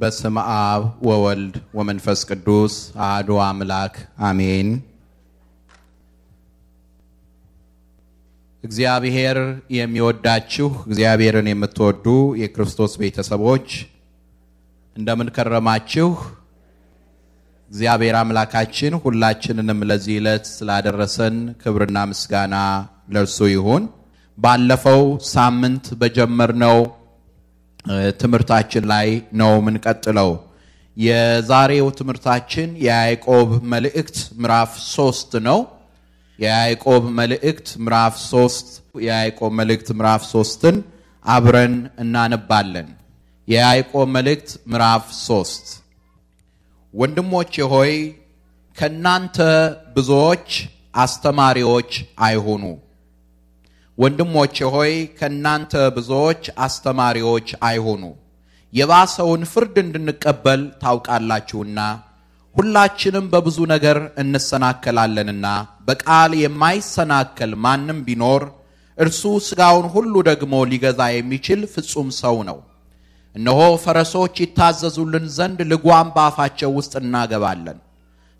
በስም አብ ወወልድ ወመንፈስ ቅዱስ አሐዱ አምላክ አሜን። እግዚአብሔር የሚወዳችሁ እግዚአብሔርን የምትወዱ የክርስቶስ ቤተሰቦች እንደምን ከረማችሁ? እግዚአብሔር አምላካችን ሁላችንንም ለዚህ ዕለት ስላደረሰን ክብርና ምስጋና ለእርሱ ይሁን። ባለፈው ሳምንት በጀመርነው ትምህርታችን ላይ ነው የምንቀጥለው። የዛሬው ትምህርታችን የያዕቆብ መልእክት ምዕራፍ ሶስት ነው። የያዕቆብ መልእክት ምዕራፍ ሶስት የያዕቆብ መልእክት ምዕራፍ ሶስትን አብረን እናነባለን። የያዕቆብ መልእክት ምዕራፍ ሶስት ወንድሞቼ ሆይ ከእናንተ ብዙዎች አስተማሪዎች አይሁኑ ወንድሞቼ ሆይ ከእናንተ ብዙዎች አስተማሪዎች አይሆኑ፣ የባሰውን ፍርድ እንድንቀበል ታውቃላችሁና። ሁላችንም በብዙ ነገር እንሰናከላለንና በቃል የማይሰናከል ማንም ቢኖር እርሱ ሥጋውን ሁሉ ደግሞ ሊገዛ የሚችል ፍጹም ሰው ነው። እነሆ ፈረሶች ይታዘዙልን ዘንድ ልጓም በአፋቸው ውስጥ እናገባለን፣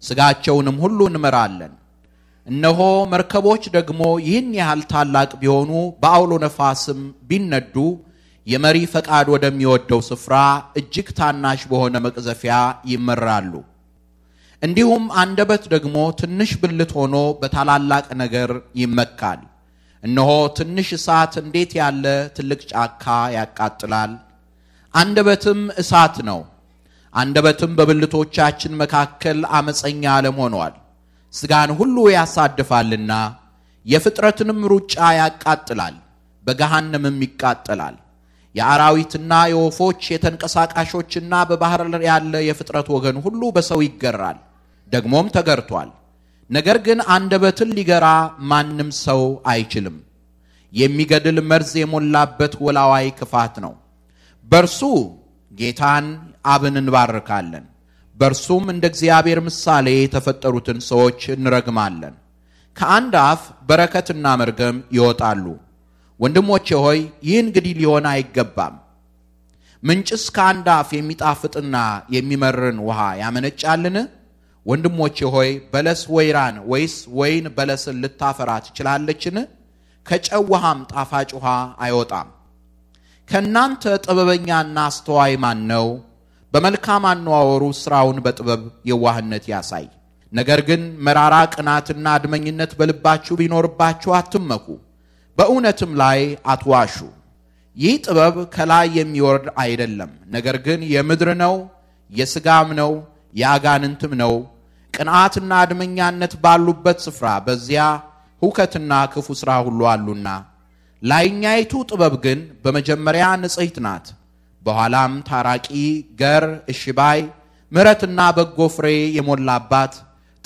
ሥጋቸውንም ሁሉ እንመራለን እነሆ መርከቦች ደግሞ ይህን ያህል ታላቅ ቢሆኑ በአውሎ ነፋስም ቢነዱ የመሪ ፈቃድ ወደሚወደው ስፍራ እጅግ ታናሽ በሆነ መቅዘፊያ ይመራሉ። እንዲሁም አንደበት ደግሞ ትንሽ ብልት ሆኖ በታላላቅ ነገር ይመካል። እነሆ ትንሽ እሳት እንዴት ያለ ትልቅ ጫካ ያቃጥላል። አንደበትም እሳት ነው። አንደበትም በብልቶቻችን መካከል አመፀኛ ዓለም ሆኗል። ሥጋን ሁሉ ያሳድፋልና የፍጥረትንም ሩጫ ያቃጥላል፣ በገሃነምም ይቃጠላል። የአራዊትና የወፎች የተንቀሳቃሾችና በባህር ያለ የፍጥረት ወገን ሁሉ በሰው ይገራል፣ ደግሞም ተገርቷል። ነገር ግን አንደበትን ሊገራ ማንም ሰው አይችልም። የሚገድል መርዝ የሞላበት ወላዋይ ክፋት ነው። በእርሱ ጌታን አብን እንባርካለን። በእርሱም እንደ እግዚአብሔር ምሳሌ የተፈጠሩትን ሰዎች እንረግማለን። ከአንድ አፍ በረከትና መርገም ይወጣሉ። ወንድሞቼ ሆይ ይህ እንግዲህ ሊሆን አይገባም። ምንጭስ ከአንድ አፍ የሚጣፍጥና የሚመርን ውሃ ያመነጫልን? ወንድሞቼ ሆይ በለስ ወይራን ወይስ ወይን በለስን ልታፈራ ትችላለችን? ከጨው ውሃም ጣፋጭ ውሃ አይወጣም። ከእናንተ ጥበበኛና አስተዋይ ማን ነው? በመልካም አነዋወሩ ሥራውን በጥበብ የዋህነት ያሳይ። ነገር ግን መራራ ቅናትና አድመኝነት በልባችሁ ቢኖርባችሁ አትመኩ፣ በእውነትም ላይ አትዋሹ። ይህ ጥበብ ከላይ የሚወርድ አይደለም፣ ነገር ግን የምድር ነው፣ የሥጋም ነው፣ የአጋንንትም ነው። ቅንዓትና አድመኛነት ባሉበት ስፍራ በዚያ ሁከትና ክፉ ሥራ ሁሉ አሉና። ላይኛይቱ ጥበብ ግን በመጀመሪያ ንጽሕት ናት በኋላም ታራቂ ገር እሽባይ ምሕረትና በጎ ፍሬ የሞላባት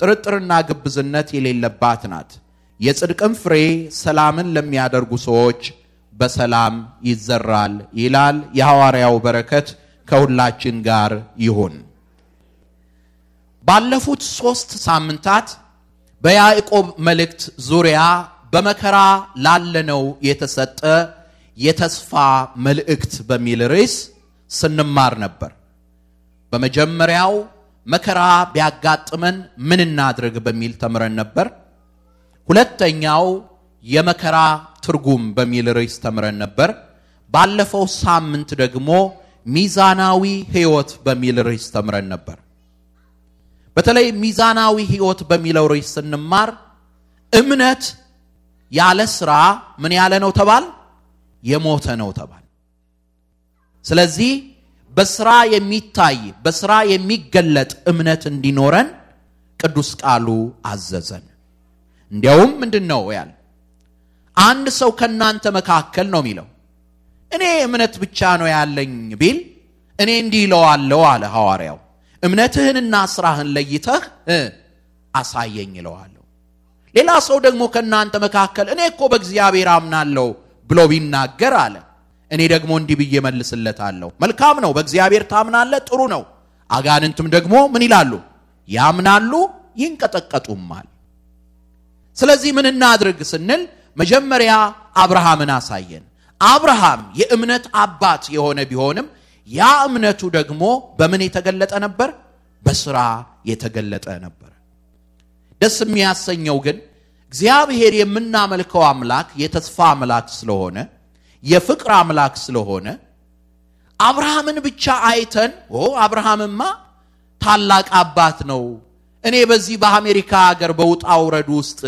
ጥርጥርና ግብዝነት የሌለባት ናት። የጽድቅም ፍሬ ሰላምን ለሚያደርጉ ሰዎች በሰላም ይዘራል ይላል። የሐዋርያው በረከት ከሁላችን ጋር ይሁን። ባለፉት ሦስት ሳምንታት በያዕቆብ መልእክት ዙሪያ በመከራ ላለነው የተሰጠ የተስፋ መልእክት በሚል ርዕስ ስንማር ነበር። በመጀመሪያው መከራ ቢያጋጥመን ምን እናድርግ በሚል ተምረን ነበር። ሁለተኛው የመከራ ትርጉም በሚል ርዕስ ተምረን ነበር። ባለፈው ሳምንት ደግሞ ሚዛናዊ ሕይወት በሚል ርዕስ ተምረን ነበር። በተለይ ሚዛናዊ ሕይወት በሚለው ርዕስ ስንማር እምነት ያለ ስራ ምን ያለ ነው ተባል የሞተ ነው ተባለ ስለዚህ በስራ የሚታይ በስራ የሚገለጥ እምነት እንዲኖረን ቅዱስ ቃሉ አዘዘን። እንዲያውም ምንድን ነው ያል አንድ ሰው ከእናንተ መካከል ነው የሚለው እኔ እምነት ብቻ ነው ያለኝ ቢል እኔ እንዲህ ይለዋለሁ አለ ሐዋርያው፣ እምነትህንና ስራህን ለይተህ አሳየኝ ይለዋለሁ። ሌላ ሰው ደግሞ ከእናንተ መካከል እኔ እኮ በእግዚአብሔር አምናለሁ ብሎ ቢናገር አለ እኔ ደግሞ እንዲህ ብዬ መልስለታለሁ። መልካም ነው፣ በእግዚአብሔር ታምናለ፣ ጥሩ ነው። አጋንንትም ደግሞ ምን ይላሉ? ያምናሉ፣ ይንቀጠቀጡማል። ስለዚህ ምን እናድርግ ስንል መጀመሪያ አብርሃምን አሳየን። አብርሃም የእምነት አባት የሆነ ቢሆንም ያ እምነቱ ደግሞ በምን የተገለጠ ነበር? በስራ የተገለጠ ነበር። ደስ የሚያሰኘው ግን እግዚአብሔር የምናመልከው አምላክ የተስፋ አምላክ ስለሆነ የፍቅር አምላክ ስለሆነ አብርሃምን ብቻ አይተን ኦ አብርሃምማ ታላቅ አባት ነው። እኔ በዚህ በአሜሪካ ሀገር በውጣ ውረድ ውስጥ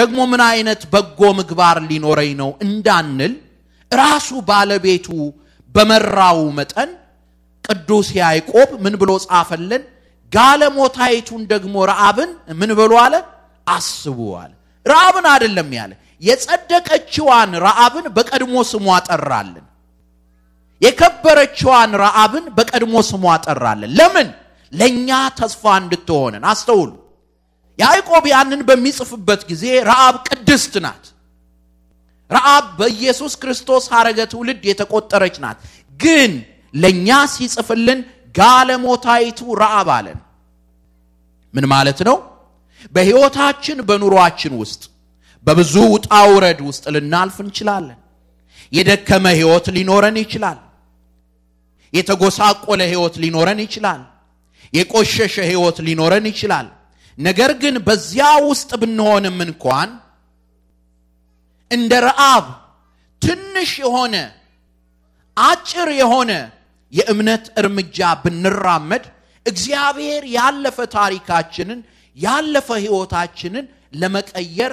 ደግሞ ምን አይነት በጎ ምግባር ሊኖረኝ ነው እንዳንል ራሱ ባለቤቱ በመራው መጠን ቅዱስ ያዕቆብ ምን ብሎ ጻፈልን? ጋለሞታይቱን ደግሞ ረአብን ምን ብሎ አለ አስቡ አለ። ረአብን አይደለም ያለ የጸደቀችዋን ረአብን በቀድሞ ስሟ ጠራልን። የከበረችዋን ረአብን በቀድሞ ስሟ ጠራልን። ለምን? ለእኛ ተስፋ እንድትሆንን። አስተውሉ። ያዕቆብ ያንን በሚጽፍበት ጊዜ ረአብ ቅድስት ናት። ረአብ በኢየሱስ ክርስቶስ ሐረገ ትውልድ የተቆጠረች ናት። ግን ለእኛ ሲጽፍልን ጋለሞታይቱ ረአብ አለን። ምን ማለት ነው? በሕይወታችን በኑሯችን ውስጥ በብዙ ውጣ ውረድ ውስጥ ልናልፍ እንችላለን። የደከመ ሕይወት ሊኖረን ይችላል። የተጎሳቆለ ሕይወት ሊኖረን ይችላል። የቆሸሸ ሕይወት ሊኖረን ይችላል። ነገር ግን በዚያ ውስጥ ብንሆንም እንኳን እንደ ረአብ ትንሽ የሆነ አጭር የሆነ የእምነት እርምጃ ብንራመድ እግዚአብሔር ያለፈ ታሪካችንን ያለፈ ህይወታችንን ለመቀየር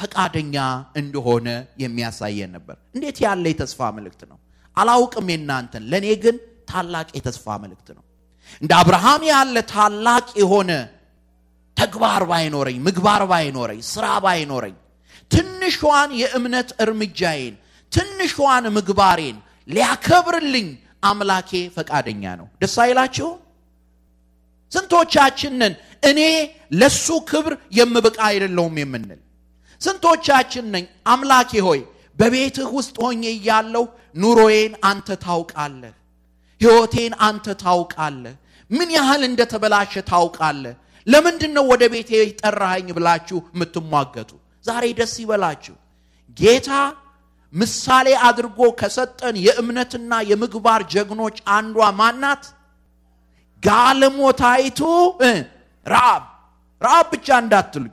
ፈቃደኛ እንደሆነ የሚያሳየን ነበር። እንዴት ያለ የተስፋ መልእክት ነው! አላውቅም የናንተን፣ ለእኔ ግን ታላቅ የተስፋ መልእክት ነው። እንደ አብርሃም ያለ ታላቅ የሆነ ተግባር ባይኖረኝ፣ ምግባር ባይኖረኝ፣ ስራ ባይኖረኝ፣ ትንሿን የእምነት እርምጃዬን፣ ትንሿን ምግባሬን ሊያከብርልኝ አምላኬ ፈቃደኛ ነው። ደስ አይላችሁ? ስንቶቻችንን እኔ ለሱ ክብር የምብቃ አይደለውም የምንል ስንቶቻችን ነኝ? አምላኬ ሆይ በቤትህ ውስጥ ሆኜ እያለሁ ኑሮዬን አንተ ታውቃለህ፣ ሕይወቴን አንተ ታውቃለህ፣ ምን ያህል እንደተበላሸ ታውቃለህ። ለምንድን ነው ወደ ቤቴ ጠራኸኝ ብላችሁ የምትሟገቱ? ዛሬ ደስ ይበላችሁ። ጌታ ምሳሌ አድርጎ ከሰጠን የእምነትና የምግባር ጀግኖች አንዷ ማናት? ጋለሞታይቱ ረአብ ረአብ ብቻ እንዳትሉኝ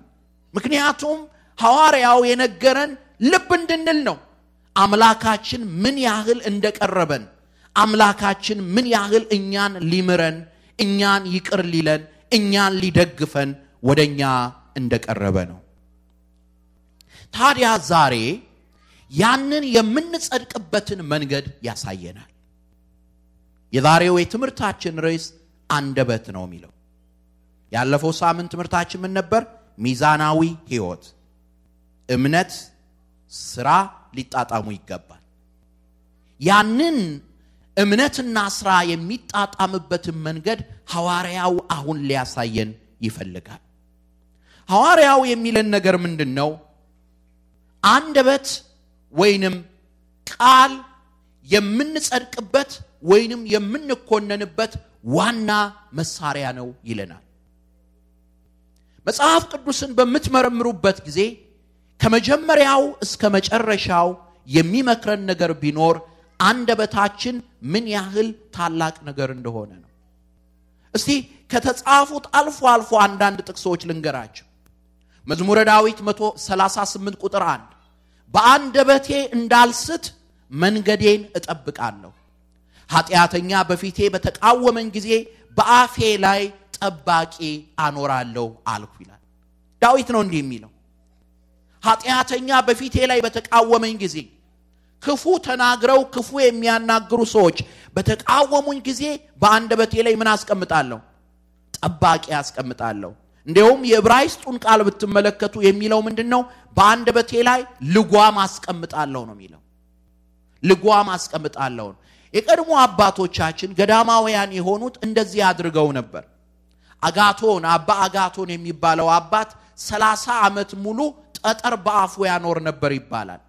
ምክንያቱም ሐዋርያው የነገረን ልብ እንድንል ነው አምላካችን ምን ያህል እንደቀረበን አምላካችን ምን ያህል እኛን ሊምረን እኛን ይቅር ሊለን እኛን ሊደግፈን ወደ እኛ እንደቀረበ ነው ታዲያ ዛሬ ያንን የምንጸድቅበትን መንገድ ያሳየናል የዛሬው የትምህርታችን ርዕስ አንደበት ነው የሚለው ያለፈው ሳምንት ትምህርታችን ምን ነበር? ሚዛናዊ ህይወት፣ እምነት፣ ስራ ሊጣጣሙ ይገባል። ያንን እምነትና ስራ የሚጣጣምበትን መንገድ ሐዋርያው አሁን ሊያሳየን ይፈልጋል። ሐዋርያው የሚለን ነገር ምንድን ነው? አንደበት ወይንም ቃል የምንጸድቅበት ወይንም የምንኮነንበት ዋና መሳሪያ ነው ይለናል። መጽሐፍ ቅዱስን በምትመረምሩበት ጊዜ ከመጀመሪያው እስከ መጨረሻው የሚመክረን ነገር ቢኖር አንደበታችን ምን ያህል ታላቅ ነገር እንደሆነ ነው። እስቲ ከተጻፉት አልፎ አልፎ አንዳንድ ጥቅሶች ልንገራቸው። መዝሙረ ዳዊት 138 ቁጥር 1 በአንደበቴ እንዳልስት መንገዴን እጠብቃለሁ፣ ኃጢአተኛ በፊቴ በተቃወመኝ ጊዜ በአፌ ላይ ጠባቂ አኖራለሁ አልኩ ይላል። ዳዊት ነው እንዲህ የሚለው ኃጢአተኛ በፊቴ ላይ በተቃወመኝ ጊዜ ክፉ ተናግረው ክፉ የሚያናግሩ ሰዎች በተቃወሙኝ ጊዜ በአንድ በቴ ላይ ምን አስቀምጣለሁ? ጠባቂ አስቀምጣለሁ። እንዲሁም የዕብራይስጡን ቃል ብትመለከቱ የሚለው ምንድን ነው? በቴ ላይ ልጓም አስቀምጣለሁ ነው የሚለው። ልጓም አስቀምጣለሁ ነው። የቀድሞ አባቶቻችን ገዳማውያን የሆኑት እንደዚህ አድርገው ነበር። አጋቶን አባ አጋቶን የሚባለው አባት ሰላሳ ዓመት ሙሉ ጠጠር በአፉ ያኖር ነበር ይባላል።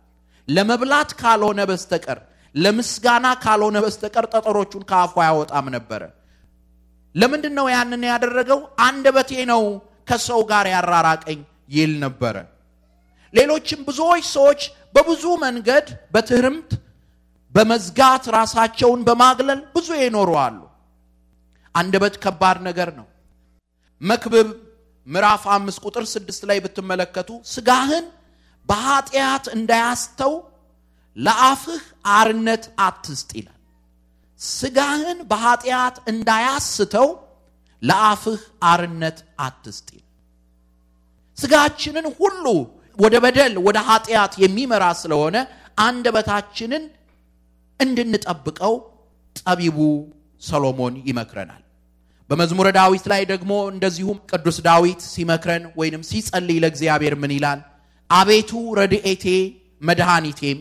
ለመብላት ካልሆነ በስተቀር ለምስጋና ካልሆነ በስተቀር ጠጠሮቹን ከአፉ አያወጣም ነበረ። ለምንድን ነው ያንን ያደረገው? አንደበቴ ነው ከሰው ጋር ያራራቀኝ ይል ነበረ። ሌሎችም ብዙዎች ሰዎች በብዙ መንገድ በትህርምት በመዝጋት ራሳቸውን በማግለል ብዙ ይኖሩ አሉ። አንደበት ከባድ ነገር ነው። መክብብ ምዕራፍ አምስት ቁጥር ስድስት ላይ ብትመለከቱ ስጋህን በኃጢአት እንዳያስተው ለአፍህ አርነት አትስጥ ይላል ስጋህን በኃጢአት እንዳያስተው ለአፍህ አርነት አትስጥ ይላል ስጋችንን ሁሉ ወደ በደል ወደ ኃጢአት የሚመራ ስለሆነ አንደበታችንን እንድንጠብቀው ጠቢቡ ሰሎሞን ይመክረናል በመዝሙረ ዳዊት ላይ ደግሞ እንደዚሁም ቅዱስ ዳዊት ሲመክረን ወይንም ሲጸልይ ለእግዚአብሔር ምን ይላል? አቤቱ ረድኤቴ መድኃኒቴም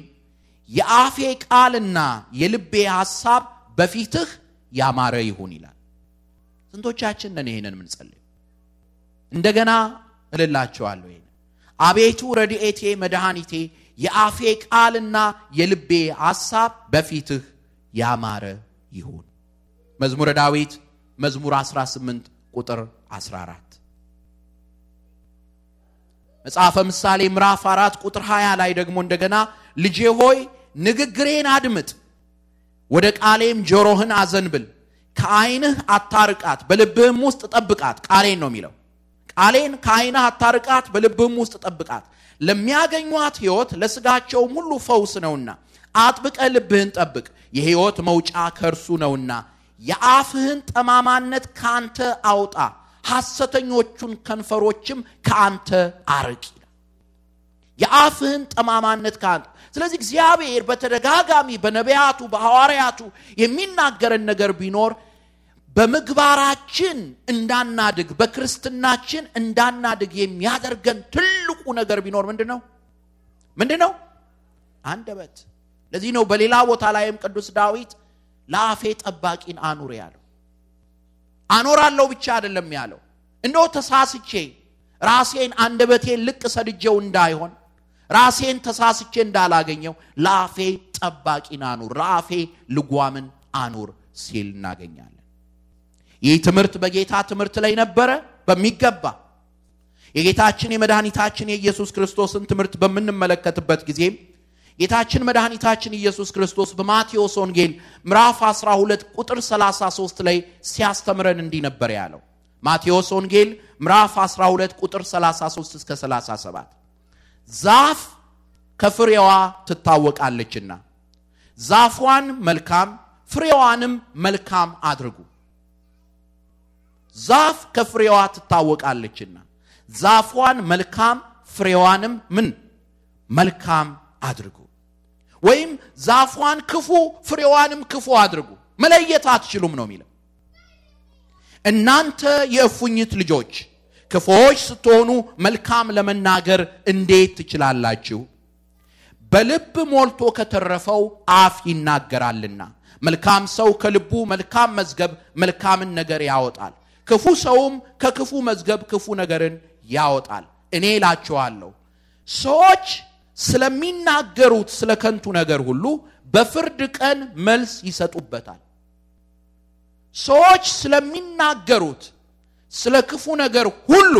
የአፌ ቃልና የልቤ ሐሳብ በፊትህ ያማረ ይሁን ይላል። ስንቶቻችን ነን ይህንን ምንጸልይ? እንደገና እልላቸዋለሁ ይህን አቤቱ ረድኤቴ መድኃኒቴ የአፌ ቃልና የልቤ ሐሳብ በፊትህ ያማረ ይሁን። መዝሙረ ዳዊት መዝሙር 18 ቁጥር 14 መጽሐፈ ምሳሌ ምዕራፍ 4 ቁጥር 20 ላይ ደግሞ እንደገና ልጄ ሆይ ንግግሬን አድምጥ፣ ወደ ቃሌም ጆሮህን አዘንብል፣ ከአይንህ አታርቃት፣ በልብህም ውስጥ ጠብቃት። ቃሌን ነው የሚለው። ቃሌን ከአይንህ አታርቃት፣ በልብህም ውስጥ ጠብቃት። ለሚያገኟት ሕይወት ለስጋቸውም ሁሉ ፈውስ ነውና አጥብቀ ልብህን ጠብቅ፣ የሕይወት መውጫ ከእርሱ ነውና የአፍህን ጠማማነት ከአንተ አውጣ ሐሰተኞቹን ከንፈሮችም ከአንተ አርቅ የአፍህን ጠማማነት ከአንተ ስለዚህ እግዚአብሔር በተደጋጋሚ በነቢያቱ በሐዋርያቱ የሚናገረን ነገር ቢኖር በምግባራችን እንዳናድግ በክርስትናችን እንዳናድግ የሚያደርገን ትልቁ ነገር ቢኖር ምንድን ነው ምንድን ነው አንደበት ለዚህ ነው በሌላ ቦታ ላይም ቅዱስ ዳዊት ለአፌ ጠባቂን አኑር ያለው አኖራለሁ ብቻ አይደለም ያለው እንደው ተሳስቼ ራሴን አንደበቴን ልቅ ሰድጄው እንዳይሆን ራሴን ተሳስቼ እንዳላገኘው ለአፌ ጠባቂን አኑር ለአፌ ልጓምን አኑር ሲል እናገኛለን ይህ ትምህርት በጌታ ትምህርት ላይ ነበረ በሚገባ የጌታችን የመድኃኒታችን የኢየሱስ ክርስቶስን ትምህርት በምንመለከትበት ጊዜም ጌታችን መድኃኒታችን ኢየሱስ ክርስቶስ በማቴዎስ ወንጌል ምዕራፍ 12 ቁጥር 33 ላይ ሲያስተምረን እንዲህ ነበር ያለው። ማቴዎስ ወንጌል ምዕራፍ 12 ቁጥር 33 እስከ 37 ዛፍ ከፍሬዋ ትታወቃለችና ዛፏን መልካም ፍሬዋንም መልካም አድርጉ። ዛፍ ከፍሬዋ ትታወቃለችና ዛፏን መልካም ፍሬዋንም ምን መልካም አድርጉ። ወይም ዛፏን ክፉ ፍሬዋንም ክፉ አድርጉ መለየት አትችሉም ነው የሚለው እናንተ የእፉኝት ልጆች ክፉዎች ስትሆኑ መልካም ለመናገር እንዴት ትችላላችሁ በልብ ሞልቶ ከተረፈው አፍ ይናገራልና መልካም ሰው ከልቡ መልካም መዝገብ መልካምን ነገር ያወጣል ክፉ ሰውም ከክፉ መዝገብ ክፉ ነገርን ያወጣል እኔ እላችኋለሁ ሰዎች ስለሚናገሩት ስለ ከንቱ ነገር ሁሉ በፍርድ ቀን መልስ ይሰጡበታል። ሰዎች ስለሚናገሩት ስለ ክፉ ነገር ሁሉ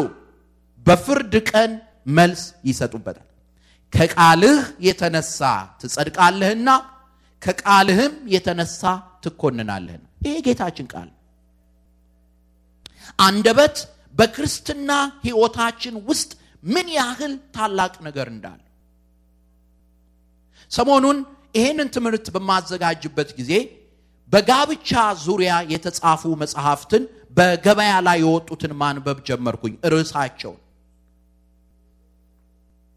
በፍርድ ቀን መልስ ይሰጡበታል። ከቃልህ የተነሳ ትጸድቃለህና ከቃልህም የተነሳ ትኮንናለህና። ይሄ ጌታችን ቃል አንደበት በክርስትና ሕይወታችን ውስጥ ምን ያህል ታላቅ ነገር እንዳለ ሰሞኑን ይሄንን ትምህርት በማዘጋጅበት ጊዜ በጋብቻ ዙሪያ የተጻፉ መጽሐፍትን በገበያ ላይ የወጡትን ማንበብ ጀመርኩኝ። ርዕሳቸውን፣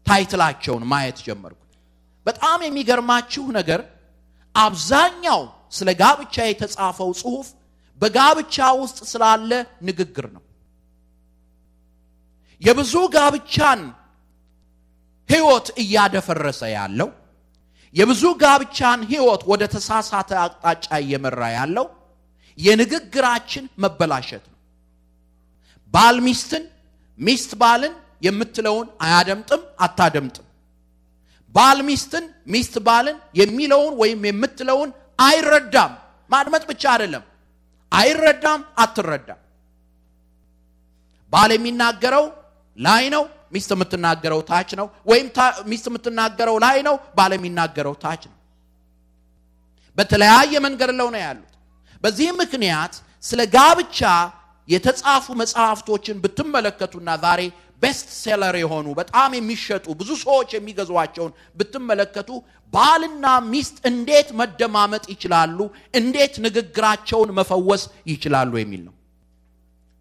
ታይትላቸውን ማየት ጀመርኩ። በጣም የሚገርማችሁ ነገር አብዛኛው ስለ ጋብቻ የተጻፈው ጽሑፍ በጋብቻ ውስጥ ስላለ ንግግር ነው። የብዙ ጋብቻን ህይወት እያደፈረሰ ያለው የብዙ ጋብቻን ህይወት ወደ ተሳሳተ አቅጣጫ እየመራ ያለው የንግግራችን መበላሸት ነው። ባል ሚስትን፣ ሚስት ባልን የምትለውን አያደምጥም፣ አታደምጥም። ባል ሚስትን፣ ሚስት ባልን የሚለውን ወይም የምትለውን አይረዳም። ማድመጥ ብቻ አይደለም፣ አይረዳም፣ አትረዳም። ባል የሚናገረው ላይ ነው፣ ሚስት የምትናገረው ታች ነው ወይም ሚስት የምትናገረው ላይ ነው ባለ የሚናገረው ታች ነው በተለያየ መንገድ ለው ነው ያሉት በዚህ ምክንያት ስለ ጋብቻ የተጻፉ መጽሐፍቶችን ብትመለከቱና ዛሬ ቤስት ሴለር የሆኑ በጣም የሚሸጡ ብዙ ሰዎች የሚገዟቸውን ብትመለከቱ ባልና ሚስት እንዴት መደማመጥ ይችላሉ እንዴት ንግግራቸውን መፈወስ ይችላሉ የሚል ነው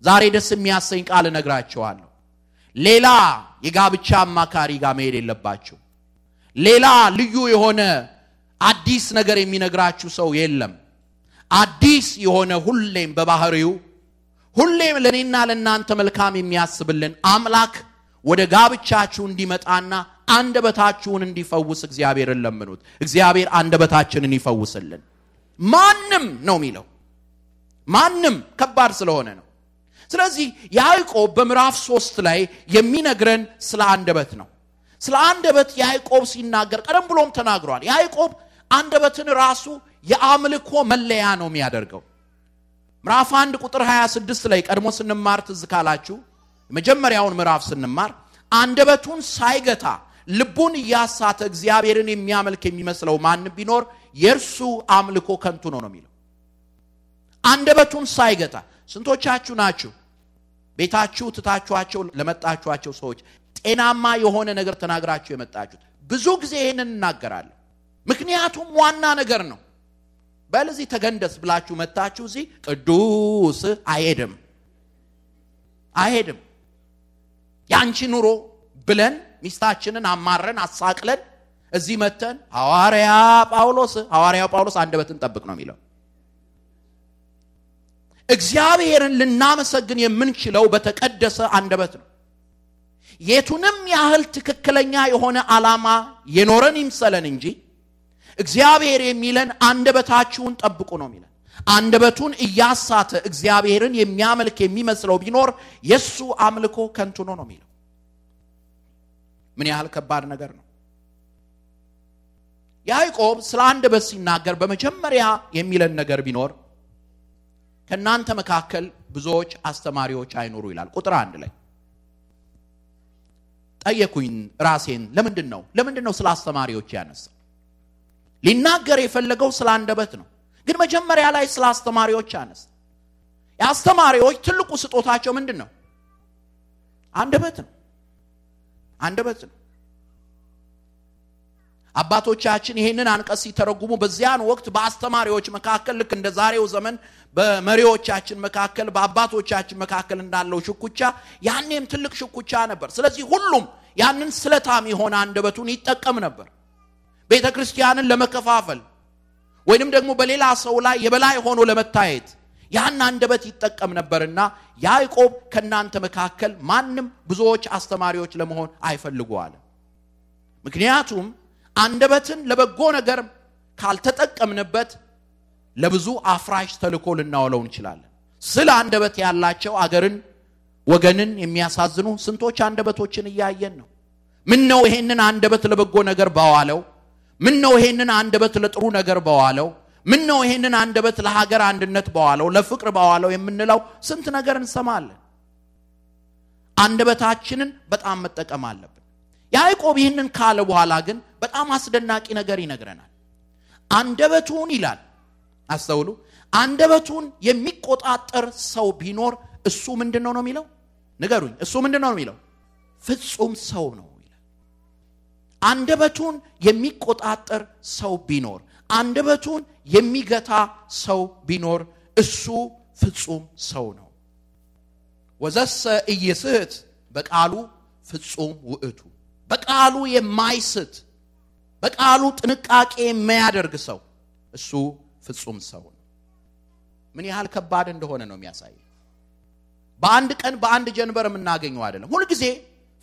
ዛሬ ደስ የሚያሰኝ ቃል እነግራቸዋለሁ ሌላ የጋብቻ አማካሪ ጋር መሄድ የለባችሁ። ሌላ ልዩ የሆነ አዲስ ነገር የሚነግራችሁ ሰው የለም። አዲስ የሆነ ሁሌም በባህሪው ሁሌም ለእኔና ለእናንተ መልካም የሚያስብልን አምላክ ወደ ጋብቻችሁ እንዲመጣና አንደበታችሁን እንዲፈውስ እግዚአብሔርን ለምኑት። እግዚአብሔር አንደበታችንን ይፈውስልን። ማንም ነው የሚለው ማንም ከባድ ስለሆነ ነው። ስለዚህ ያዕቆብ በምዕራፍ ሶስት ላይ የሚነግረን ስለ አንደበት ነው ስለ አንደበት ያዕቆብ ሲናገር ቀደም ብሎም ተናግሯል ያዕቆብ አንደበትን ራሱ የአምልኮ መለያ ነው የሚያደርገው ምዕራፍ አንድ ቁጥር 26 ላይ ቀድሞ ስንማር ትዝ ካላችሁ የመጀመሪያውን ምዕራፍ ስንማር አንደበቱን ሳይገታ ልቡን እያሳተ እግዚአብሔርን የሚያመልክ የሚመስለው ማን ቢኖር የእርሱ አምልኮ ከንቱ ነው ነው የሚለው አንደበቱን ሳይገታ ስንቶቻችሁ ናችሁ ቤታችሁ ትታችኋቸው ለመጣችኋቸው ሰዎች ጤናማ የሆነ ነገር ተናግራችሁ የመጣችሁት? ብዙ ጊዜ ይህንን እናገራለሁ። ምክንያቱም ዋና ነገር ነው። በለዚህ ተገንደስ ብላችሁ መታችሁ እዚህ ቅዱስ አይሄድም አይሄድም ያንቺ ኑሮ ብለን ሚስታችንን አማረን አሳቅለን እዚህ መተን ሐዋርያ ጳውሎስ ሐዋርያው ጳውሎስ አንደበትን ጠብቅ ነው የሚለው እግዚአብሔርን ልናመሰግን የምንችለው በተቀደሰ አንደበት ነው የቱንም ያህል ትክክለኛ የሆነ ዓላማ የኖረን ይምሰለን እንጂ እግዚአብሔር የሚለን አንደበታችሁን ጠብቁ ነው የሚለን አንደበቱን እያሳተ እግዚአብሔርን የሚያመልክ የሚመስለው ቢኖር የእሱ አምልኮ ከንቱ ነው ነው የሚለው ምን ያህል ከባድ ነገር ነው ያዕቆብ ስለ አንደበት ሲናገር በመጀመሪያ የሚለን ነገር ቢኖር ከእናንተ መካከል ብዙዎች አስተማሪዎች አይኖሩ ይላል። ቁጥር አንድ ላይ ጠየኩኝ ራሴን፣ ለምንድን ነው ለምንድን ነው ስለ አስተማሪዎች ያነሳ? ሊናገር የፈለገው ስለ አንደበት ነው፣ ግን መጀመሪያ ላይ ስለ አስተማሪዎች ያነሳ። የአስተማሪዎች ትልቁ ስጦታቸው ምንድን ነው? አንደበት ነው። አንደበት ነው። አባቶቻችን ይሄንን አንቀስ ሲተረጉሙ በዚያን ወቅት በአስተማሪዎች መካከል ልክ እንደ ዛሬው ዘመን በመሪዎቻችን መካከል በአባቶቻችን መካከል እንዳለው ሽኩቻ ያኔም ትልቅ ሽኩቻ ነበር ስለዚህ ሁሉም ያንን ስለታም የሆነ አንደበቱን ይጠቀም ነበር ቤተ ክርስቲያንን ለመከፋፈል ወይንም ደግሞ በሌላ ሰው ላይ የበላይ ሆኖ ለመታየት ያን አንደበት ይጠቀም ነበርና ያዕቆብ ከእናንተ መካከል ማንም ብዙዎች አስተማሪዎች ለመሆን አይፈልጉ አለ ምክንያቱም አንደበትን ለበጎ ነገር ካልተጠቀምንበት ለብዙ አፍራሽ ተልኮ ልናውለው እንችላለን ስለ አንደበት ያላቸው አገርን ወገንን የሚያሳዝኑ ስንቶች አንደበቶችን እያየን ነው ምን ነው ይሄንን አንደበት ለበጎ ነገር በዋለው ምን ነው ይሄንን አንደበት ለጥሩ ነገር በዋለው ምን ነው ይሄንን አንደበት ለሀገር አንድነት በዋለው ለፍቅር በዋለው የምንለው ስንት ነገር እንሰማለን አንደበታችንን በጣም መጠቀም አለብን ያዕቆብ ይህንን ካለ በኋላ ግን በጣም አስደናቂ ነገር ይነግረናል አንደበቱን ይላል አስተውሉ አንደበቱን የሚቆጣጠር ሰው ቢኖር እሱ ምንድን ነው ነው የሚለው ንገሩኝ እሱ ምንድን ነው የሚለው ፍጹም ሰው ነው ይላል አንደበቱን የሚቆጣጠር ሰው ቢኖር አንደበቱን የሚገታ ሰው ቢኖር እሱ ፍጹም ሰው ነው ወዘሰ እየስህት በቃሉ ፍጹም ውእቱ በቃሉ የማይስት በቃሉ ጥንቃቄ የሚያደርግ ሰው እሱ ፍጹም ሰው ነው ምን ያህል ከባድ እንደሆነ ነው የሚያሳይ በአንድ ቀን በአንድ ጀንበር የምናገኘው አይደለም ሁልጊዜ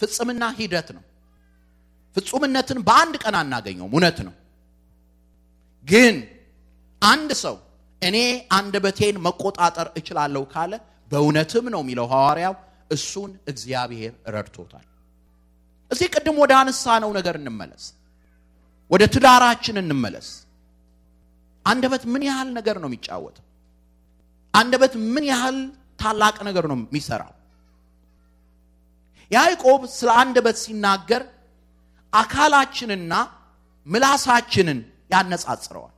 ፍጽምና ሂደት ነው ፍጹምነትን በአንድ ቀን አናገኘውም እውነት ነው ግን አንድ ሰው እኔ በቴን መቆጣጠር እችላለሁ ካለ በእውነትም ነው የሚለው ሐዋርያው እሱን እግዚአብሔር ረድቶታል እዚህ ቅድም ወደ አነሳ ነው ነገር እንመለስ ወደ ትዳራችን እንመለስ። አንደበት ምን ያህል ነገር ነው የሚጫወተው? አንደበት ምን ያህል ታላቅ ነገር ነው የሚሰራው? ያዕቆብ ስለ አንደበት ሲናገር አካላችንና ምላሳችንን ያነጻጽረዋል።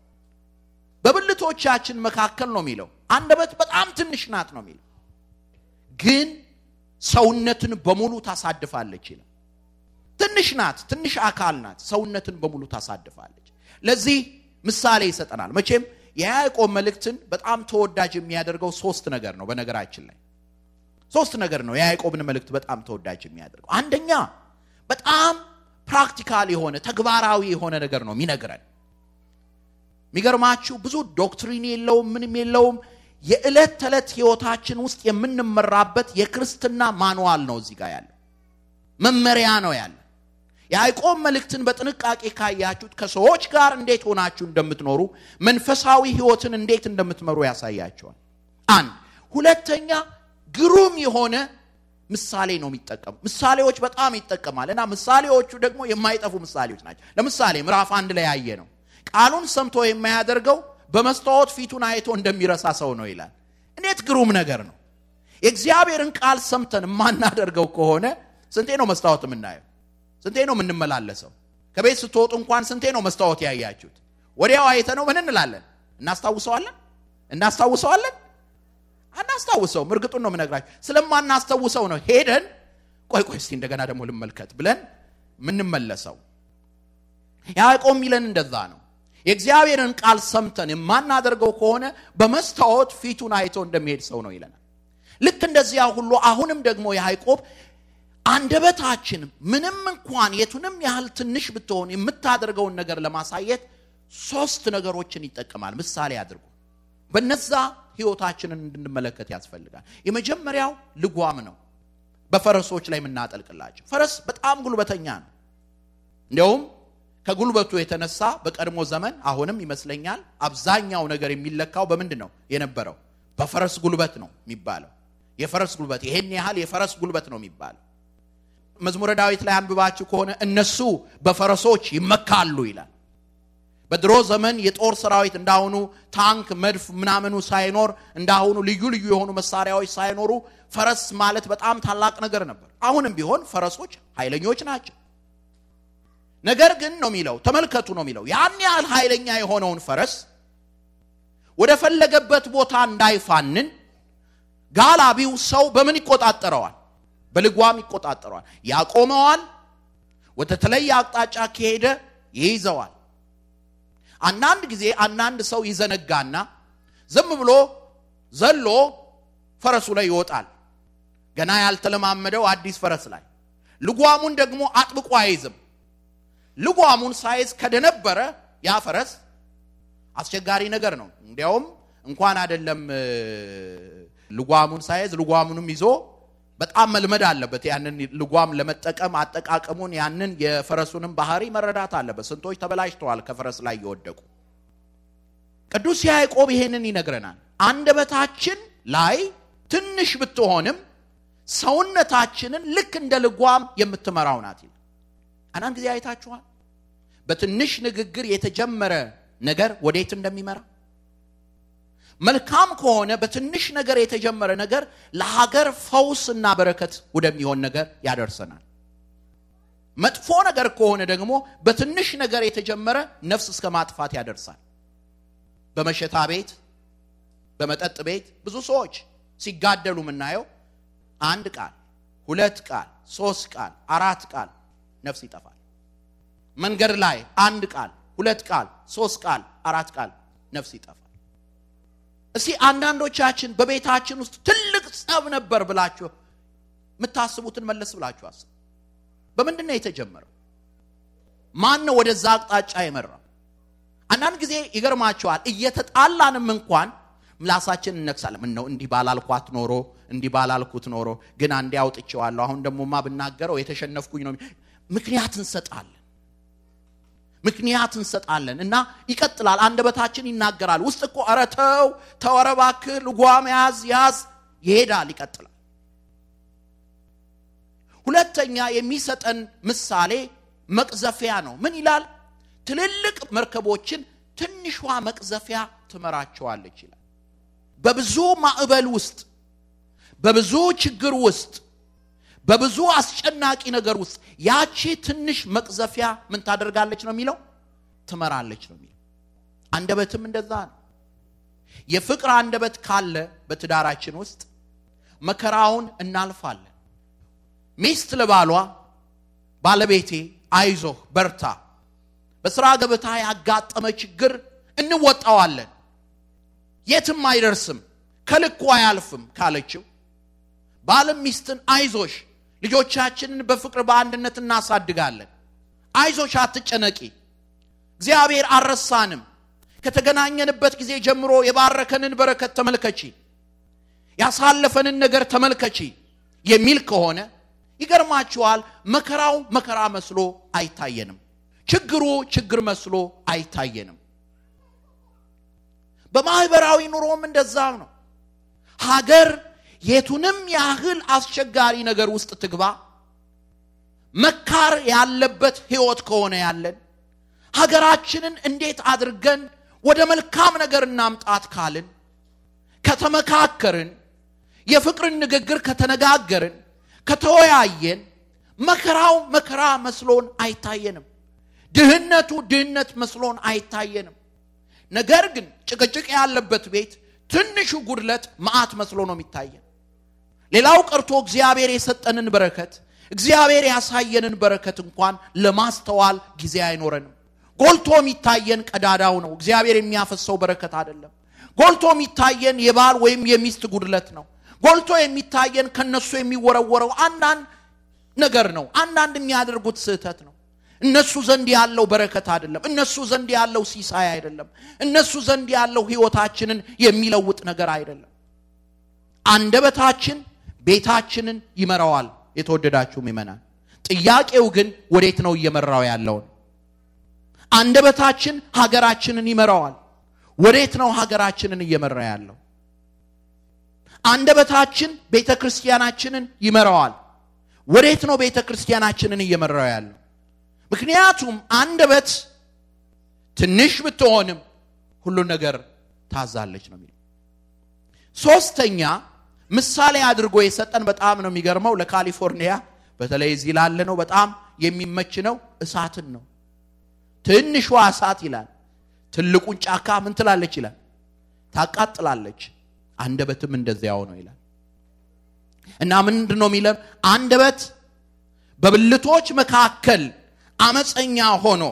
በብልቶቻችን መካከል ነው የሚለው። አንደበት በጣም ትንሽ ናት ነው የሚለው፣ ግን ሰውነትን በሙሉ ታሳድፋለች ይላል። ትንሽ ናት፣ ትንሽ አካል ናት። ሰውነትን በሙሉ ታሳድፋለች። ለዚህ ምሳሌ ይሰጠናል። መቼም የያዕቆብ መልእክትን በጣም ተወዳጅ የሚያደርገው ሶስት ነገር ነው። በነገራችን ላይ ሶስት ነገር ነው የያዕቆብን መልእክት በጣም ተወዳጅ የሚያደርገው። አንደኛ በጣም ፕራክቲካል የሆነ ተግባራዊ የሆነ ነገር ነው የሚነግረን። የሚገርማችሁ ብዙ ዶክትሪን የለውም፣ ምንም የለውም። የዕለት ተዕለት ህይወታችን ውስጥ የምንመራበት የክርስትና ማንዋል ነው እዚህ ጋር ያለው መመሪያ ነው ያለ የያዕቆብ መልእክትን በጥንቃቄ ካያችሁት ከሰዎች ጋር እንዴት ሆናችሁ እንደምትኖሩ መንፈሳዊ ህይወትን እንዴት እንደምትመሩ ያሳያቸዋል አንድ ሁለተኛ ግሩም የሆነ ምሳሌ ነው የሚጠቀሙ ምሳሌዎች በጣም ይጠቀማል እና ምሳሌዎቹ ደግሞ የማይጠፉ ምሳሌዎች ናቸው ለምሳሌ ምዕራፍ አንድ ላይ ያየ ነው ቃሉን ሰምቶ የማያደርገው በመስታወት ፊቱን አይቶ እንደሚረሳ ሰው ነው ይላል እንዴት ግሩም ነገር ነው የእግዚአብሔርን ቃል ሰምተን የማናደርገው ከሆነ ስንቴ ነው መስታወት የምናየው ስንቴ ነው የምንመላለሰው? ከቤት ስትወጡ እንኳን ስንቴ ነው መስታወት ያያችሁት? ወዲያው አይተ ነው ምን እንላለን? እናስታውሰዋለን እናስታውሰዋለን አናስታውሰውም። እርግጡን ነው የምነግራችሁ፣ ስለማናስታውሰው ነው ሄደን ቆይ ቆይ እስቲ እንደገና ደግሞ ልመልከት ብለን ምንመለሰው። ያዕቆብ የሚለን እንደዛ ነው። የእግዚአብሔርን ቃል ሰምተን የማናደርገው ከሆነ በመስታወት ፊቱን አይቶ እንደሚሄድ ሰው ነው ይለናል። ልክ እንደዚያ ሁሉ አሁንም ደግሞ ያዕቆብ አንደበታችን ምንም እንኳን የቱንም ያህል ትንሽ ብትሆን የምታደርገውን ነገር ለማሳየት ሶስት ነገሮችን ይጠቀማል። ምሳሌ አድርጉ። በነዛ ህይወታችንን እንድንመለከት ያስፈልጋል። የመጀመሪያው ልጓም ነው። በፈረሶች ላይ የምናጠልቅላቸው ፈረስ በጣም ጉልበተኛ ነው። እንዲያውም ከጉልበቱ የተነሳ በቀድሞ ዘመን አሁንም ይመስለኛል አብዛኛው ነገር የሚለካው በምንድን ነው የነበረው? በፈረስ ጉልበት ነው የሚባለው። የፈረስ ጉልበት ይሄን ያህል የፈረስ ጉልበት ነው የሚባለው። መዝሙረ ዳዊት ላይ አንብባችሁ ከሆነ እነሱ በፈረሶች ይመካሉ ይላል በድሮ ዘመን የጦር ሰራዊት እንዳሁኑ ታንክ መድፍ ምናምኑ ሳይኖር እንዳሁኑ ልዩ ልዩ የሆኑ መሳሪያዎች ሳይኖሩ ፈረስ ማለት በጣም ታላቅ ነገር ነበር አሁንም ቢሆን ፈረሶች ኃይለኞች ናቸው ነገር ግን ነው የሚለው ተመልከቱ ነው የሚለው ያን ያህል ኃይለኛ የሆነውን ፈረስ ወደ ፈለገበት ቦታ እንዳይፋንን ጋላቢው ሰው በምን ይቆጣጠረዋል በልጓም ይቆጣጠሯል። ያቆመዋል። ወደ ተለየ አቅጣጫ ከሄደ ይይዘዋል። አንዳንድ ጊዜ አንዳንድ ሰው ይዘነጋና ዝም ብሎ ዘሎ ፈረሱ ላይ ይወጣል። ገና ያልተለማመደው አዲስ ፈረስ ላይ ልጓሙን ደግሞ አጥብቆ አይዝም። ልጓሙን ሳይዝ ከደነበረ ያ ፈረስ አስቸጋሪ ነገር ነው። እንዲያውም እንኳን አይደለም ልጓሙን ሳይዝ ልጓሙንም ይዞ በጣም መልመድ አለበት። ያንን ልጓም ለመጠቀም አጠቃቀሙን፣ ያንን የፈረሱንም ባህሪ መረዳት አለበት። ስንቶች ተበላሽተዋል ከፈረስ ላይ የወደቁ። ቅዱስ ያዕቆብ ይሄንን ይነግረናል። አንደበታችን ላይ ትንሽ ብትሆንም ሰውነታችንን ልክ እንደ ልጓም የምትመራው ናት ይላል። አናን ጊዜ አይታችኋል በትንሽ ንግግር የተጀመረ ነገር ወዴት እንደሚመራ መልካም ከሆነ በትንሽ ነገር የተጀመረ ነገር ለሀገር ፈውስ እና በረከት ወደሚሆን ነገር ያደርሰናል። መጥፎ ነገር ከሆነ ደግሞ በትንሽ ነገር የተጀመረ ነፍስ እስከ ማጥፋት ያደርሳል። በመሸታ ቤት፣ በመጠጥ ቤት ብዙ ሰዎች ሲጋደሉ የምናየው አንድ ቃል፣ ሁለት ቃል፣ ሶስት ቃል፣ አራት ቃል ነፍስ ይጠፋል። መንገድ ላይ አንድ ቃል፣ ሁለት ቃል፣ ሶስት ቃል፣ አራት ቃል ነፍስ ይጠፋል። እስቲ አንዳንዶቻችን በቤታችን ውስጥ ትልቅ ጸብ ነበር ብላችሁ የምታስቡትን መለስ ብላችሁ አስቡ በምንድን ነው የተጀመረው ማን ነው ወደዛ አቅጣጫ የመራው አንዳንድ ጊዜ ይገርማቸዋል እየተጣላንም እንኳን ምላሳችን እነክሳለን ምን ነው እንዲህ ባላልኳት ኖሮ እንዲህ ባላልኩት ኖሮ ግን አንዴ አውጥቼዋለሁ አሁን ደሞማ ብናገረው የተሸነፍኩኝ ነው ምክንያት እንሰጣል ምክንያት እንሰጣለን እና ይቀጥላል አንደበታችን ይናገራል ውስጥ እኮ ኧረ ተው ተወረባክ ልጓም ያዝ ያዝ ይሄዳል ይቀጥላል ሁለተኛ የሚሰጠን ምሳሌ መቅዘፊያ ነው ምን ይላል ትልልቅ መርከቦችን ትንሿ መቅዘፊያ ትመራቸዋለች ይላል በብዙ ማዕበል ውስጥ በብዙ ችግር ውስጥ በብዙ አስጨናቂ ነገር ውስጥ ያቺ ትንሽ መቅዘፊያ ምን ታደርጋለች ነው የሚለው ትመራለች ነው የሚለው አንደበትም እንደዛ ነው የፍቅር አንደበት ካለ በትዳራችን ውስጥ መከራውን እናልፋለን ሚስት ለባሏ ባለቤቴ አይዞህ በርታ በስራ ገበታ ያጋጠመ ችግር እንወጣዋለን የትም አይደርስም ከልኩ አያልፍም ካለችው ባልም ሚስትን አይዞሽ ልጆቻችንን በፍቅር በአንድነት እናሳድጋለን። አይዞሽ፣ አትጨነቂ፣ እግዚአብሔር አልረሳንም። ከተገናኘንበት ጊዜ ጀምሮ የባረከንን በረከት ተመልከቺ፣ ያሳለፈንን ነገር ተመልከቺ የሚል ከሆነ ይገርማችኋል፣ መከራው መከራ መስሎ አይታየንም። ችግሩ ችግር መስሎ አይታየንም። በማኅበራዊ ኑሮም እንደዛው ነው። ሀገር የቱንም ያህል አስቸጋሪ ነገር ውስጥ ትግባ መካር ያለበት ህይወት ከሆነ ያለን ሀገራችንን እንዴት አድርገን ወደ መልካም ነገር እናምጣት ካልን ከተመካከርን የፍቅርን ንግግር ከተነጋገርን ከተወያየን መከራው መከራ መስሎን አይታየንም ድህነቱ ድህነት መስሎን አይታየንም ነገር ግን ጭቅጭቅ ያለበት ቤት ትንሹ ጉድለት ማአት መስሎ ነው የሚታየን ሌላው ቀርቶ እግዚአብሔር የሰጠንን በረከት እግዚአብሔር ያሳየንን በረከት እንኳን ለማስተዋል ጊዜ አይኖረንም። ጎልቶ የሚታየን ቀዳዳው ነው። እግዚአብሔር የሚያፈሰው በረከት አይደለም። ጎልቶ የሚታየን የባል ወይም የሚስት ጉድለት ነው። ጎልቶ የሚታየን ከነሱ የሚወረወረው አንዳንድ ነገር ነው። አንዳንድ የሚያደርጉት ስህተት ነው። እነሱ ዘንድ ያለው በረከት አይደለም። እነሱ ዘንድ ያለው ሲሳይ አይደለም። እነሱ ዘንድ ያለው ህይወታችንን የሚለውጥ ነገር አይደለም። አንደበታችን ቤታችንን ይመራዋል። የተወደዳችሁም ይመናል። ጥያቄው ግን ወዴት ነው እየመራው ያለውን? አንደበታችን ሀገራችንን ይመራዋል። ወዴት ነው ሀገራችንን እየመራ ያለው? አንደበታችን ቤተ ክርስቲያናችንን ይመራዋል። ወዴት ነው ቤተ ክርስቲያናችንን እየመራው ያለው? ምክንያቱም አንደበት ትንሽ ብትሆንም ሁሉን ነገር ታዛለች ነው የሚለው። ሶስተኛ ምሳሌ አድርጎ የሰጠን በጣም ነው የሚገርመው ለካሊፎርኒያ በተለይ እዚህ ላለ ነው በጣም የሚመች ነው እሳትን ነው ትንሿ እሳት ይላል ትልቁን ጫካ ምን ትላለች ይላል ታቃጥላለች አንደበትም እንደዚያው ነው ይላል እና ምንድ ነው አንድ አንደበት በብልቶች መካከል አመፀኛ ሆኖ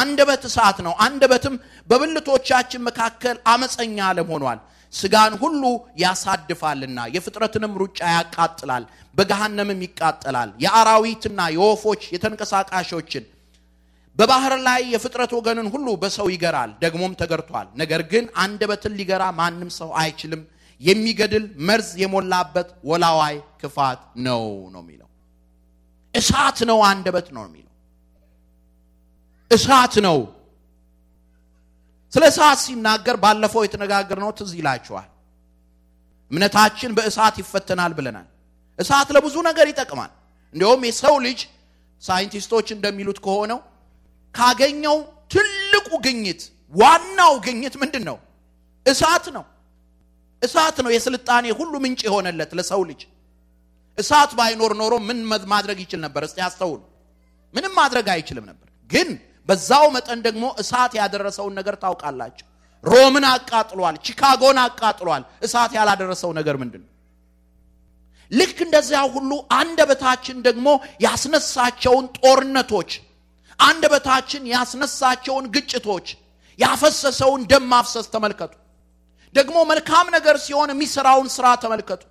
አንደበት እሳት ነው አንደበትም በብልቶቻችን መካከል አመፀኛ አለም ሆኗል ስጋን ሁሉ ያሳድፋልና የፍጥረትንም ሩጫ ያቃጥላል፣ በገሃነምም ይቃጠላል። የአራዊትና የወፎች የተንቀሳቃሾችን በባህር ላይ የፍጥረት ወገንን ሁሉ በሰው ይገራል፣ ደግሞም ተገርቷል። ነገር ግን አንደበትን ሊገራ ማንም ሰው አይችልም። የሚገድል መርዝ የሞላበት ወላዋይ ክፋት ነው ነው የሚለው እሳት ነው። አንደበት ነው የሚለው እሳት ነው። ስለ እሳት ሲናገር ባለፈው የተነጋገርነው ትዝ ይላችኋል። እምነታችን በእሳት ይፈተናል ብለናል። እሳት ለብዙ ነገር ይጠቅማል። እንዲሁም የሰው ልጅ ሳይንቲስቶች እንደሚሉት ከሆነው ካገኘው ትልቁ ግኝት ዋናው ግኝት ምንድን ነው? እሳት ነው። እሳት ነው የስልጣኔ ሁሉ ምንጭ የሆነለት ለሰው ልጅ። እሳት ባይኖር ኖሮ ምን ማድረግ ይችል ነበር? እስቲ አስተውሉ። ምንም ማድረግ አይችልም ነበር ግን በዛው መጠን ደግሞ እሳት ያደረሰውን ነገር ታውቃላችሁ። ሮምን አቃጥሏል፣ ቺካጎን አቃጥሏል። እሳት ያላደረሰው ነገር ምንድን ነው? ልክ እንደዚያ ሁሉ አንደበታችን ደግሞ ያስነሳቸውን ጦርነቶች፣ አንደበታችን ያስነሳቸውን ግጭቶች፣ ያፈሰሰውን ደም ማፍሰስ ተመልከቱ። ደግሞ መልካም ነገር ሲሆን የሚሰራውን ስራ ተመልከቱ።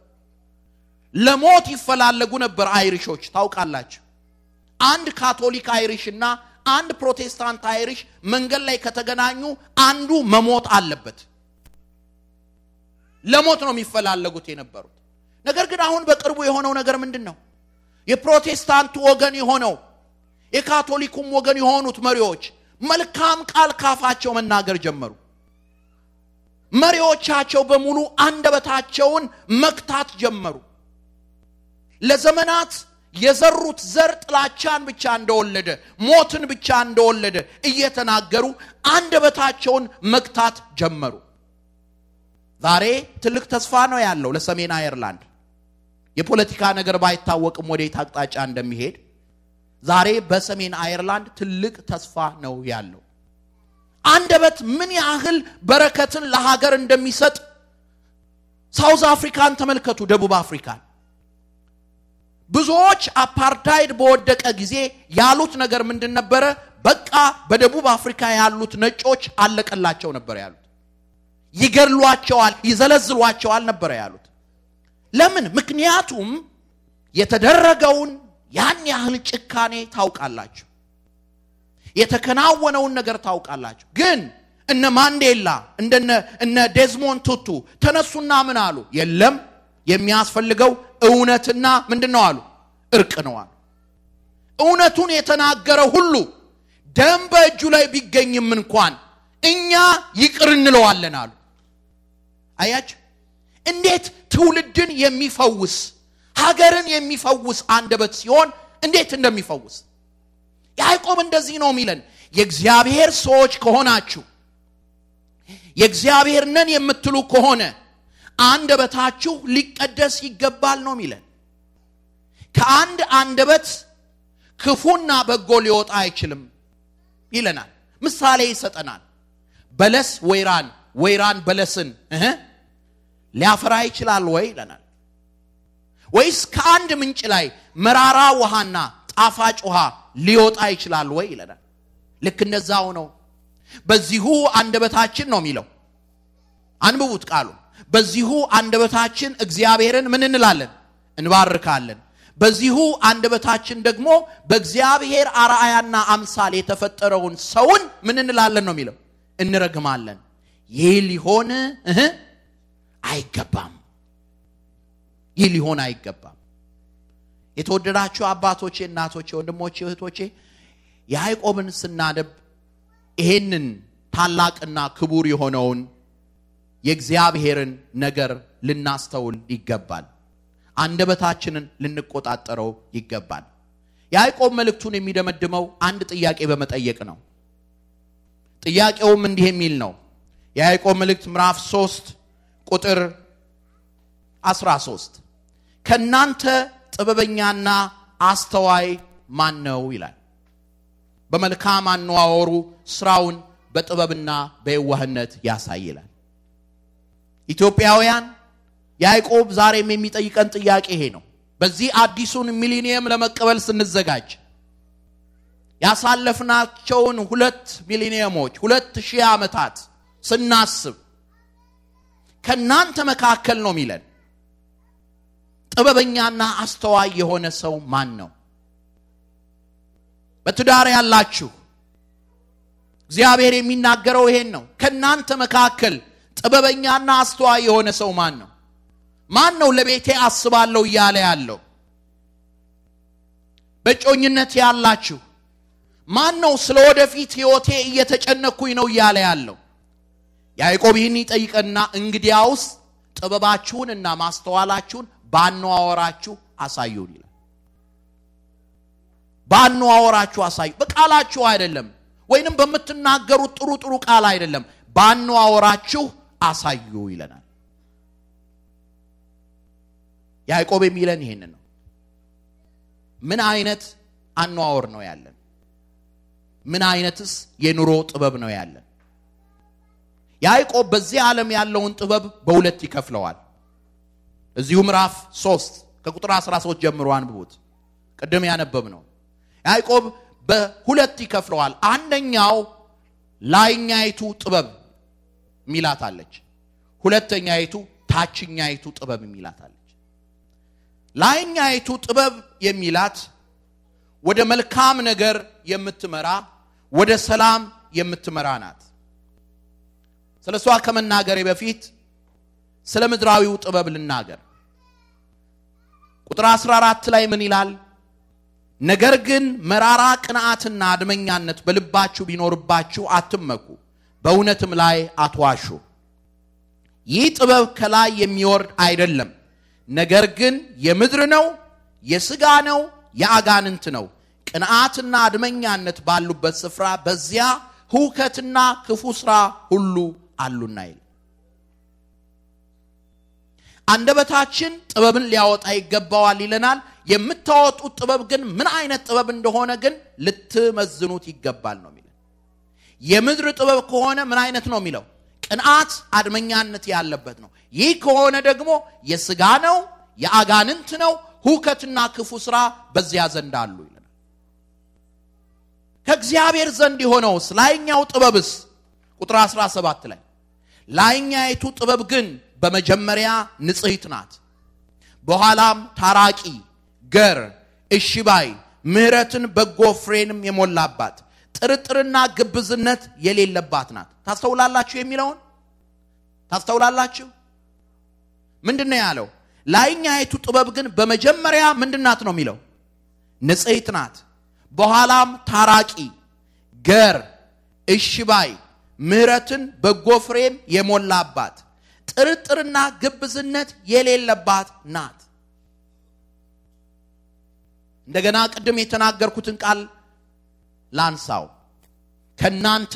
ለሞት ይፈላለጉ ነበር አይሪሾች ታውቃላችሁ። አንድ ካቶሊክ አይሪሽ እና አንድ ፕሮቴስታንት አይሪሽ መንገድ ላይ ከተገናኙ አንዱ መሞት አለበት። ለሞት ነው የሚፈላለጉት የነበሩት። ነገር ግን አሁን በቅርቡ የሆነው ነገር ምንድን ነው? የፕሮቴስታንቱ ወገን የሆነው የካቶሊኩም ወገን የሆኑት መሪዎች መልካም ቃል ካፋቸው መናገር ጀመሩ። መሪዎቻቸው በሙሉ አንደበታቸውን መክታት ጀመሩ። ለዘመናት የዘሩት ዘር ጥላቻን ብቻ እንደወለደ ሞትን ብቻ እንደወለደ እየተናገሩ አንደበታቸውን መግታት ጀመሩ ዛሬ ትልቅ ተስፋ ነው ያለው ለሰሜን አየርላንድ የፖለቲካ ነገር ባይታወቅም ወዴት አቅጣጫ እንደሚሄድ ዛሬ በሰሜን አየርላንድ ትልቅ ተስፋ ነው ያለው አንደበት ምን ያህል በረከትን ለሀገር እንደሚሰጥ ሳውዝ አፍሪካን ተመልከቱ ደቡብ አፍሪካን ብዙዎች አፓርታይድ በወደቀ ጊዜ ያሉት ነገር ምንድን ነበረ? በቃ በደቡብ አፍሪካ ያሉት ነጮች አለቀላቸው ነበር ያሉት። ይገድሏቸዋል፣ ይዘለዝሏቸዋል ነበረ ያሉት። ለምን? ምክንያቱም የተደረገውን ያን ያህል ጭካኔ ታውቃላችሁ፣ የተከናወነውን ነገር ታውቃላችሁ። ግን እነ ማንዴላ እንደነ እነ ዴዝሞንድ ቱቱ ተነሱና ምን አሉ? የለም የሚያስፈልገው እውነትና ምንድን ነው አሉ እርቅ ነው አሉ እውነቱን የተናገረ ሁሉ ደም በእጁ ላይ ቢገኝም እንኳን እኛ ይቅር እንለዋለን አሉ አያች እንዴት ትውልድን የሚፈውስ ሀገርን የሚፈውስ አንደበት ሲሆን እንዴት እንደሚፈውስ ያዕቆብ እንደዚህ ነው የሚለን የእግዚአብሔር ሰዎች ከሆናችሁ የእግዚአብሔር ነን የምትሉ ከሆነ አንደበታችሁ ሊቀደስ ይገባል ነው የሚለን ከአንድ አንደበት ክፉና በጎ ሊወጣ አይችልም ይለናል ምሳሌ ይሰጠናል በለስ ወይራን ወይራን በለስን ሊያፈራ ይችላል ወይ ይለናል ወይስ ከአንድ ምንጭ ላይ መራራ ውሃና ጣፋጭ ውሃ ሊወጣ ይችላል ወይ ይለናል ልክ እንደዛው ነው በዚሁ አንደበታችን ነው የሚለው አንብቡት ቃሉ በዚሁ አንደበታችን እግዚአብሔርን ምን እንላለን? እንባርካለን። በዚሁ አንደበታችን ደግሞ በእግዚአብሔር አርአያና አምሳል የተፈጠረውን ሰውን ምን እንላለን ነው የሚለው እንረግማለን። ይህ ሊሆን አይገባም። ይህ ሊሆን አይገባም። የተወደዳችሁ አባቶቼ፣ እናቶቼ፣ ወንድሞቼ፣ እህቶቼ ያዕቆብን ስናነብ ይሄንን ታላቅና ክቡር የሆነውን የእግዚአብሔርን ነገር ልናስተውል ይገባል። አንደበታችንን ልንቆጣጠረው ይገባል። ያዕቆብ መልእክቱን የሚደመድመው አንድ ጥያቄ በመጠየቅ ነው። ጥያቄውም እንዲህ የሚል ነው። የያዕቆብ መልእክት ምዕራፍ 3 ቁጥር 13 ከእናንተ ጥበበኛና አስተዋይ ማን ነው ይላል። በመልካም አነዋወሩ ስራውን በጥበብና በየዋህነት ያሳይላል። ኢትዮጵያውያን ያዕቆብ ዛሬም የሚጠይቀን ጥያቄ ይሄ ነው። በዚህ አዲሱን ሚሊኒየም ለመቀበል ስንዘጋጅ ያሳለፍናቸውን ሁለት ሚሊኒየሞች ሁለት ሺህ ዓመታት ስናስብ ከእናንተ መካከል ነው የሚለን ጥበበኛና አስተዋይ የሆነ ሰው ማን ነው? በትዳር ያላችሁ እግዚአብሔር የሚናገረው ይሄን ነው። ከእናንተ መካከል ጥበበኛና አስተዋይ የሆነ ሰው ማን ነው? ማን ነው ለቤቴ አስባለሁ እያለ ያለው? በጮኝነት ያላችሁ ማን ነው ስለ ወደፊት ሕይወቴ እየተጨነኩኝ ነው እያለ ያለው? ያዕቆብ ይህን ይጠይቅና እንግዲያውስ ጥበባችሁንና ማስተዋላችሁን ባነዋወራችሁ አሳዩን ይላል። ባነዋወራችሁ አሳዩ። በቃላችሁ አይደለም፣ ወይንም በምትናገሩት ጥሩ ጥሩ ቃል አይደለም። ባነዋወራችሁ አሳዩ ይለናል። ያዕቆብ የሚለን ይሄን ነው። ምን አይነት አኗወር ነው ያለን? ምን አይነትስ የኑሮ ጥበብ ነው ያለን? ያዕቆብ በዚህ ዓለም ያለውን ጥበብ በሁለት ይከፍለዋል። እዚሁ ምዕራፍ 3 ከቁጥር 13 ጀምሮ አንብቡት። ቅድም ያነበብ ነው ያዕቆብ በሁለት ይከፍለዋል። አንደኛው ላይኛይቱ ጥበብ ሚላት አለች። ሁለተኛይቱ ታችኛይቱ ጥበብ ሚላት አለች። ላይኛይቱ ጥበብ የሚላት ወደ መልካም ነገር የምትመራ ወደ ሰላም የምትመራ ናት። ስለ እሷ ከመናገሬ በፊት ስለ ምድራዊው ጥበብ ልናገር። ቁጥር 14 ላይ ምን ይላል? ነገር ግን መራራ ቅንዓትና አድመኛነት በልባችሁ ቢኖርባችሁ አትመኩ በእውነትም ላይ አትዋሹ። ይህ ጥበብ ከላይ የሚወርድ አይደለም፣ ነገር ግን የምድር ነው፣ የሥጋ ነው፣ የአጋንንት ነው። ቅንዓትና አድመኛነት ባሉበት ስፍራ በዚያ ሁከትና ክፉ ሥራ ሁሉ አሉና ይል አንደበታችን ጥበብን ሊያወጣ ይገባዋል ይለናል። የምታወጡት ጥበብ ግን ምን አይነት ጥበብ እንደሆነ ግን ልትመዝኑት ይገባል ነው የሚል የምድር ጥበብ ከሆነ ምን አይነት ነው የሚለው ቅንአት አድመኛነት ያለበት ነው ይህ ከሆነ ደግሞ የስጋ ነው የአጋንንት ነው ሁከትና ክፉ ስራ በዚያ ዘንድ አሉ ይለናል ከእግዚአብሔር ዘንድ የሆነውስ ላይኛው ጥበብስ ቁጥር 17 ላይ ላይኛይቱ ጥበብ ግን በመጀመሪያ ንጽሕት ናት በኋላም ታራቂ ገር እሽባይ ምህረትን በጎ ፍሬንም የሞላባት ጥርጥርና ግብዝነት የሌለባት ናት። ታስተውላላችሁ የሚለውን ታስተውላላችሁ። ምንድን ነው ያለው? ላይኛይቱ ጥበብ ግን በመጀመሪያ ምንድናት ነው የሚለው? ንጽሕት ናት። በኋላም ታራቂ፣ ገር፣ እሽባይ፣ ምሕረትን፣ በጎ ፍሬም የሞላባት ጥርጥርና ግብዝነት የሌለባት ናት። እንደገና ቅድም የተናገርኩትን ቃል ላንሳው። ከናንተ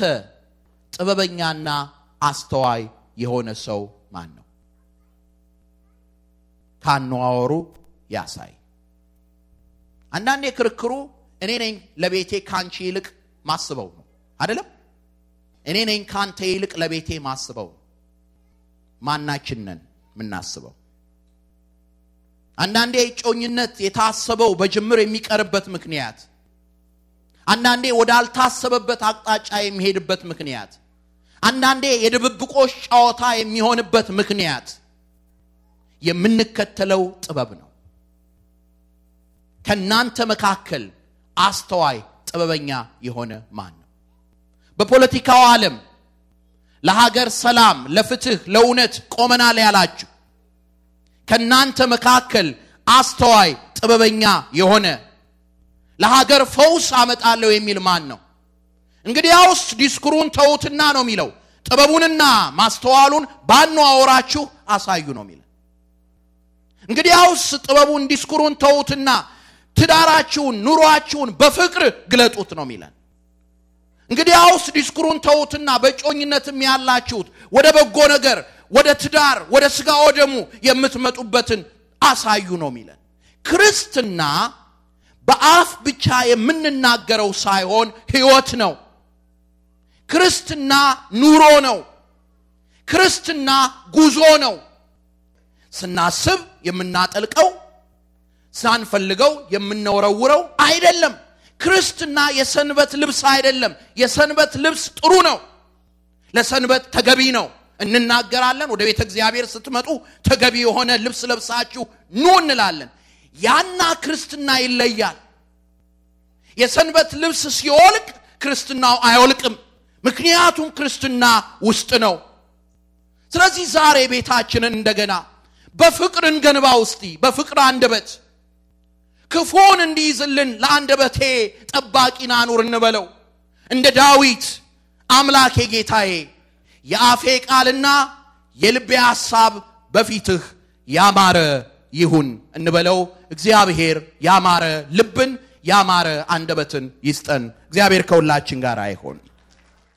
ጥበበኛና አስተዋይ የሆነ ሰው ማን ነው? ካነዋወሩ ያሳይ። አንዳንዴ ክርክሩ እኔ ነኝ ለቤቴ ካንቺ ይልቅ ማስበው ነው አይደለም? እኔ ነኝ ካንተ ይልቅ ለቤቴ ማስበው ማናችንን የምናስበው? አንዳንዴ እጮኝነት የታሰበው በጅምር የሚቀርበት ምክንያት አንዳንዴ ወዳልታሰበበት አቅጣጫ የሚሄድበት ምክንያት፣ አንዳንዴ የድብብቆች ጨዋታ የሚሆንበት ምክንያት የምንከተለው ጥበብ ነው። ከእናንተ መካከል አስተዋይ ጥበበኛ የሆነ ማን ነው? በፖለቲካው ዓለም ለሀገር ሰላም፣ ለፍትህ፣ ለእውነት ቆመናል ያላችሁ ከእናንተ መካከል አስተዋይ ጥበበኛ የሆነ ለሀገር ፈውስ አመጣለሁ የሚል ማን ነው? እንግዲያውስ ዲስኩሩን ተዉትና ነው የሚለው። ጥበቡንና ማስተዋሉን ባኗወራችሁ አሳዩ ነው የሚለው። እንግዲያውስ ጥበቡን ዲስኩሩን ተዉትና ትዳራችሁን፣ ኑሯችሁን በፍቅር ግለጡት ነው የሚለን። እንግዲያውስ ዲስኩሩን ተዉትና በጮኝነትም ያላችሁት ወደ በጎ ነገር፣ ወደ ትዳር፣ ወደ ስጋ ወደሙ የምትመጡበትን አሳዩ ነው የሚለን ክርስትና በአፍ ብቻ የምንናገረው ሳይሆን ህይወት ነው። ክርስትና ኑሮ ነው። ክርስትና ጉዞ ነው። ስናስብ የምናጠልቀው፣ ሳንፈልገው የምንወረውረው አይደለም። ክርስትና የሰንበት ልብስ አይደለም። የሰንበት ልብስ ጥሩ ነው፣ ለሰንበት ተገቢ ነው። እንናገራለን። ወደ ቤተ እግዚአብሔር ስትመጡ ተገቢ የሆነ ልብስ ለብሳችሁ ኑ እንላለን። ያና ክርስትና ይለያል። የሰንበት ልብስ ሲወልቅ ክርስትናው አይወልቅም። ምክንያቱም ክርስትና ውስጥ ነው። ስለዚህ ዛሬ ቤታችንን እንደገና በፍቅር እንገንባ። ውስጢ በፍቅር አንደበት ክፉን እንዲይዝልን ለአንደበቴ ጠባቂ ኑር እንበለው። እንደ ዳዊት አምላኬ ጌታዬ የአፌ ቃልና የልቤ ሐሳብ በፊትህ ያማረ ይሁን እንበለው። እግዚአብሔር ያማረ ልብን ያማረ አንደበትን ይስጠን። እግዚአብሔር ከሁላችን ጋር አይሆን።